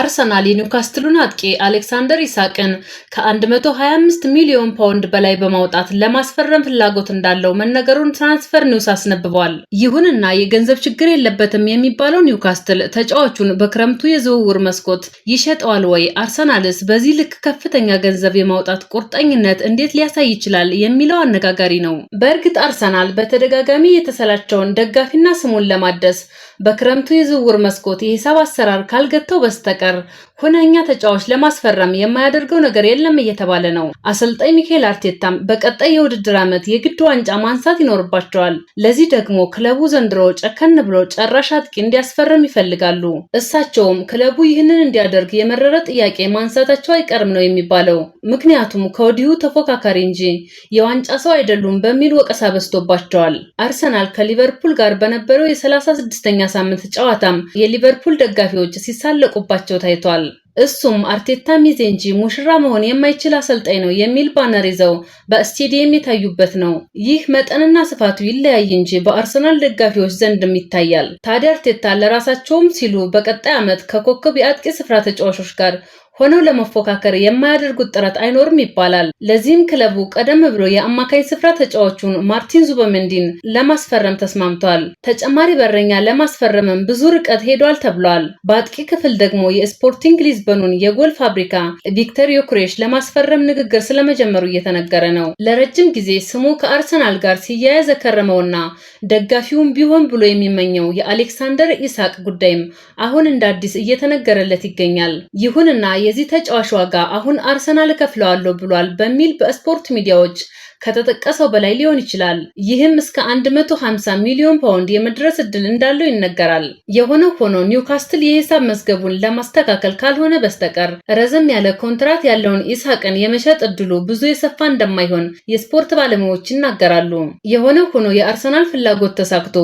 አርሰናል የኒውካስትሉን አጥቂ አሌክሳንደር ኢሳቅን ከ125 ሚሊዮን ፓውንድ በላይ በማውጣት ለማስፈረም ፍላጎት እንዳለው መነገሩን ትራንስፈር ኒውስ አስነብቧል። ይሁንና የገንዘብ ችግር የለበትም የሚባለው ኒውካስትል ተጫዋቹን በክረምቱ የዝውውር መስኮት ይሸጠዋል ወይ? አርሰናልስ በዚህ ልክ ከፍተኛ ገንዘብ የማውጣት ቁርጠኝነት እንዴት ሊያሳይ ይችላል? የሚለው አነጋጋሪ ነው። በእርግጥ አርሰናል በተደጋጋሚ የተሰላቸውን ደጋፊና ስሙን ለማደስ በክረምቱ የዝውውር መስኮት የሂሳብ አሰራር ካልገተው በስተቀር तर ሁነኛ ተጫዋች ለማስፈረም የማያደርገው ነገር የለም እየተባለ ነው። አሰልጣኝ ሚካኤል አርቴታም በቀጣይ የውድድር ዓመት የግድ ዋንጫ ማንሳት ይኖርባቸዋል። ለዚህ ደግሞ ክለቡ ዘንድሮ ጨከን ብሎ ጨራሽ አጥቂ እንዲያስፈርም ይፈልጋሉ። እሳቸውም ክለቡ ይህንን እንዲያደርግ የመረረ ጥያቄ ማንሳታቸው አይቀርም ነው የሚባለው። ምክንያቱም ከወዲሁ ተፎካካሪ እንጂ የዋንጫ ሰው አይደሉም በሚል ወቀሳ በዝቶባቸዋል። አርሰናል ከሊቨርፑል ጋር በነበረው የ36ኛ ሳምንት ጨዋታም የሊቨርፑል ደጋፊዎች ሲሳለቁባቸው ታይቷል። እሱም አርቴታ ሚዜ እንጂ ሙሽራ መሆን የማይችል አሰልጣኝ ነው የሚል ባነር ይዘው በስቴዲየም የታዩበት ነው። ይህ መጠንና ስፋቱ ይለያይ እንጂ በአርሰናል ደጋፊዎች ዘንድም ይታያል። ታዲያ አርቴታ ለራሳቸውም ሲሉ በቀጣይ ዓመት ከኮከብ የአጥቂ ስፍራ ተጫዋቾች ጋር ሆነው ለመፎካከር የማያደርጉት ጥረት አይኖርም ይባላል። ለዚህም ክለቡ ቀደም ብሎ የአማካኝ ስፍራ ተጫዋቹን ማርቲን ዙበመንዲን ለማስፈረም ተስማምቷል። ተጨማሪ በረኛ ለማስፈረምም ብዙ ርቀት ሄዷል ተብሏል። በአጥቂ ክፍል ደግሞ የስፖርቲንግ ሊዝበኑን የጎል ፋብሪካ ቪክተር ዮክሬሽ ለማስፈረም ንግግር ስለመጀመሩ እየተነገረ ነው። ለረጅም ጊዜ ስሙ ከአርሰናል ጋር ሲያያዘ ከረመውና ደጋፊውም ቢሆን ብሎ የሚመኘው የአሌክሳንደር ኢሳቅ ጉዳይም አሁን እንደ አዲስ እየተነገረለት ይገኛል። ይሁንና የዚህ ተጫዋች ዋጋ አሁን አርሰናል እከፍለዋለሁ ብሏል በሚል በስፖርት ሚዲያዎች ከተጠቀሰው በላይ ሊሆን ይችላል። ይህም እስከ 150 ሚሊዮን ፓውንድ የመድረስ እድል እንዳለው ይነገራል። የሆነ ሆኖ ኒውካስትል የሂሳብ መዝገቡን ለማስተካከል ካልሆነ በስተቀር ረዘም ያለ ኮንትራት ያለውን ኢስሐቅን የመሸጥ እድሉ ብዙ የሰፋ እንደማይሆን የስፖርት ባለሙያዎች ይናገራሉ። የሆነ ሆኖ የአርሰናል ፍላጎት ተሳክቶ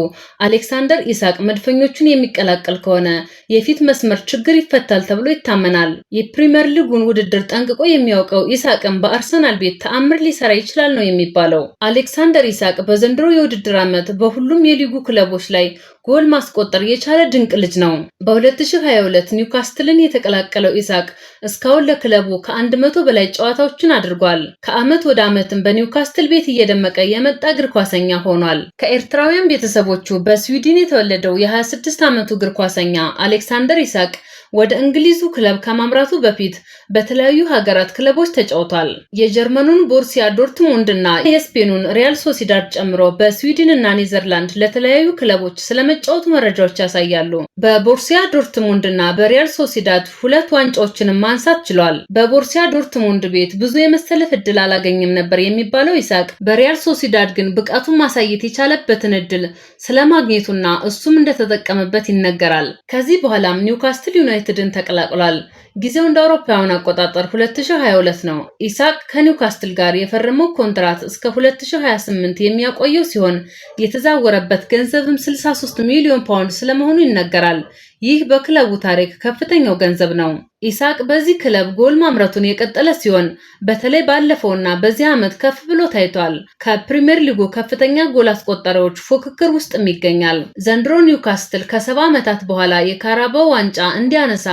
አሌክሳንደር ኢሳቅ መድፈኞቹን የሚቀላቀል ከሆነ የፊት መስመር ችግር ይፈታል ተብሎ ይታመናል። የፕሪምየር ሊጉን ውድድር ጠንቅቆ የሚያውቀው ኢሳቅን በአርሰናል ቤት ተአምር ሊሰራ ይችላል ነው የሚባለው። አሌክሳንደር ኢሳቅ በዘንድሮ የውድድር ዓመት በሁሉም የሊጉ ክለቦች ላይ ጎል ማስቆጠር የቻለ ድንቅ ልጅ ነው። በ2022 ኒውካስትልን የተቀላቀለው ኢሳቅ እስካሁን ለክለቡ ከ100 በላይ ጨዋታዎችን አድርጓል። ከዓመት ወደ ዓመትም በኒውካስትል ቤት እየደመቀ የመጣ እግር ኳሰኛ ሆኗል። ከኤርትራውያን ቤተሰቦቹ በስዊድን የተወለደው የ26 ዓመቱ እግር ኳሰኛ አሌክሳንደር ኢሳቅ ወደ እንግሊዙ ክለብ ከማምራቱ በፊት በተለያዩ ሀገራት ክለቦች ተጫውቷል። የጀርመኑን ቦርሲያ ዶርትሙንድ እና የስፔኑን ሪያል ሶሲዳድ ጨምሮ በስዊድን እና ኔዘርላንድ ለተለያዩ ክለቦች ስለመጫወቱ መረጃዎች ያሳያሉ። በቦርሲያ ዶርትሙንድ እና በሪያል ሶሲዳድ ሁለት ዋንጫዎችንም ማንሳት ችሏል። በቦርሲያ ዶርትሙንድ ቤት ብዙ የመሰለፍ እድል አላገኝም ነበር የሚባለው ይሳቅ በሪያል ሶሲዳድ ግን ብቃቱን ማሳየት የቻለበትን እድል ስለማግኘቱና እሱም እንደተጠቀመበት ይነገራል። ከዚህ በኋላም ኒውካስትል ዩናይትድ ዩናይትድን ተቀላቅሏል። ጊዜው እንደ አውሮፓውያን አቆጣጠር 2022 ነው። ኢሳቅ ከኒውካስትል ጋር የፈረመው ኮንትራት እስከ 2028 የሚያቆየው ሲሆን የተዛወረበት ገንዘብም 63 ሚሊዮን ፓውንድ ስለመሆኑ ይነገራል። ይህ በክለቡ ታሪክ ከፍተኛው ገንዘብ ነው። ኢሳቅ በዚህ ክለብ ጎል ማምረቱን የቀጠለ ሲሆን በተለይ ባለፈውና በዚህ ዓመት ከፍ ብሎ ታይቷል። ከፕሪምየር ሊጉ ከፍተኛ ጎል አስቆጣሪዎች ፉክክር ውስጥም ይገኛል። ዘንድሮ ኒውካስትል ከሰባ ዓመታት በኋላ የካራባው ዋንጫ እንዲያነሳ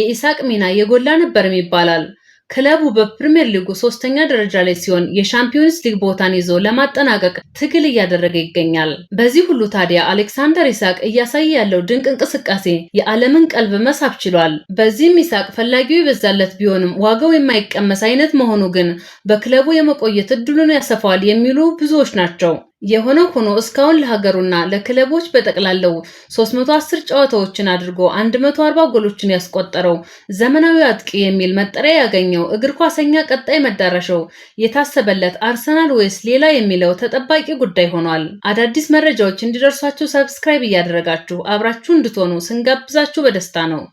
የኢሳቅ ሚና የጎላ ነበርም ይባላል። ክለቡ በፕሪምየር ሊጉ ሶስተኛ ደረጃ ላይ ሲሆን የሻምፒዮንስ ሊግ ቦታን ይዞ ለማጠናቀቅ ትግል እያደረገ ይገኛል። በዚህ ሁሉ ታዲያ አሌክሳንደር ኢሳቅ እያሳየ ያለው ድንቅ እንቅስቃሴ የዓለምን ቀልብ መሳብ ችሏል። በዚህም ኢሳቅ ፈላጊው ይበዛለት ቢሆንም ዋጋው የማይቀመስ አይነት መሆኑ ግን በክለቡ የመቆየት እድሉን ያሰፋዋል የሚሉ ብዙዎች ናቸው። የሆነ ሆኖ እስካሁን ለሀገሩና ለክለቦች በጠቅላላው 310 ጨዋታዎችን አድርጎ 140 ጎሎችን ያስቆጠረው ዘመናዊ አጥቂ የሚል መጠሪያ ያገኘው እግር ኳሰኛ ቀጣይ መዳረሻው የታሰበለት አርሰናል ወይስ ሌላ የሚለው ተጠባቂ ጉዳይ ሆኗል። አዳዲስ መረጃዎች እንዲደርሷችሁ ሰብስክራይብ እያደረጋችሁ አብራችሁ እንድትሆኑ ስንጋብዛችሁ በደስታ ነው።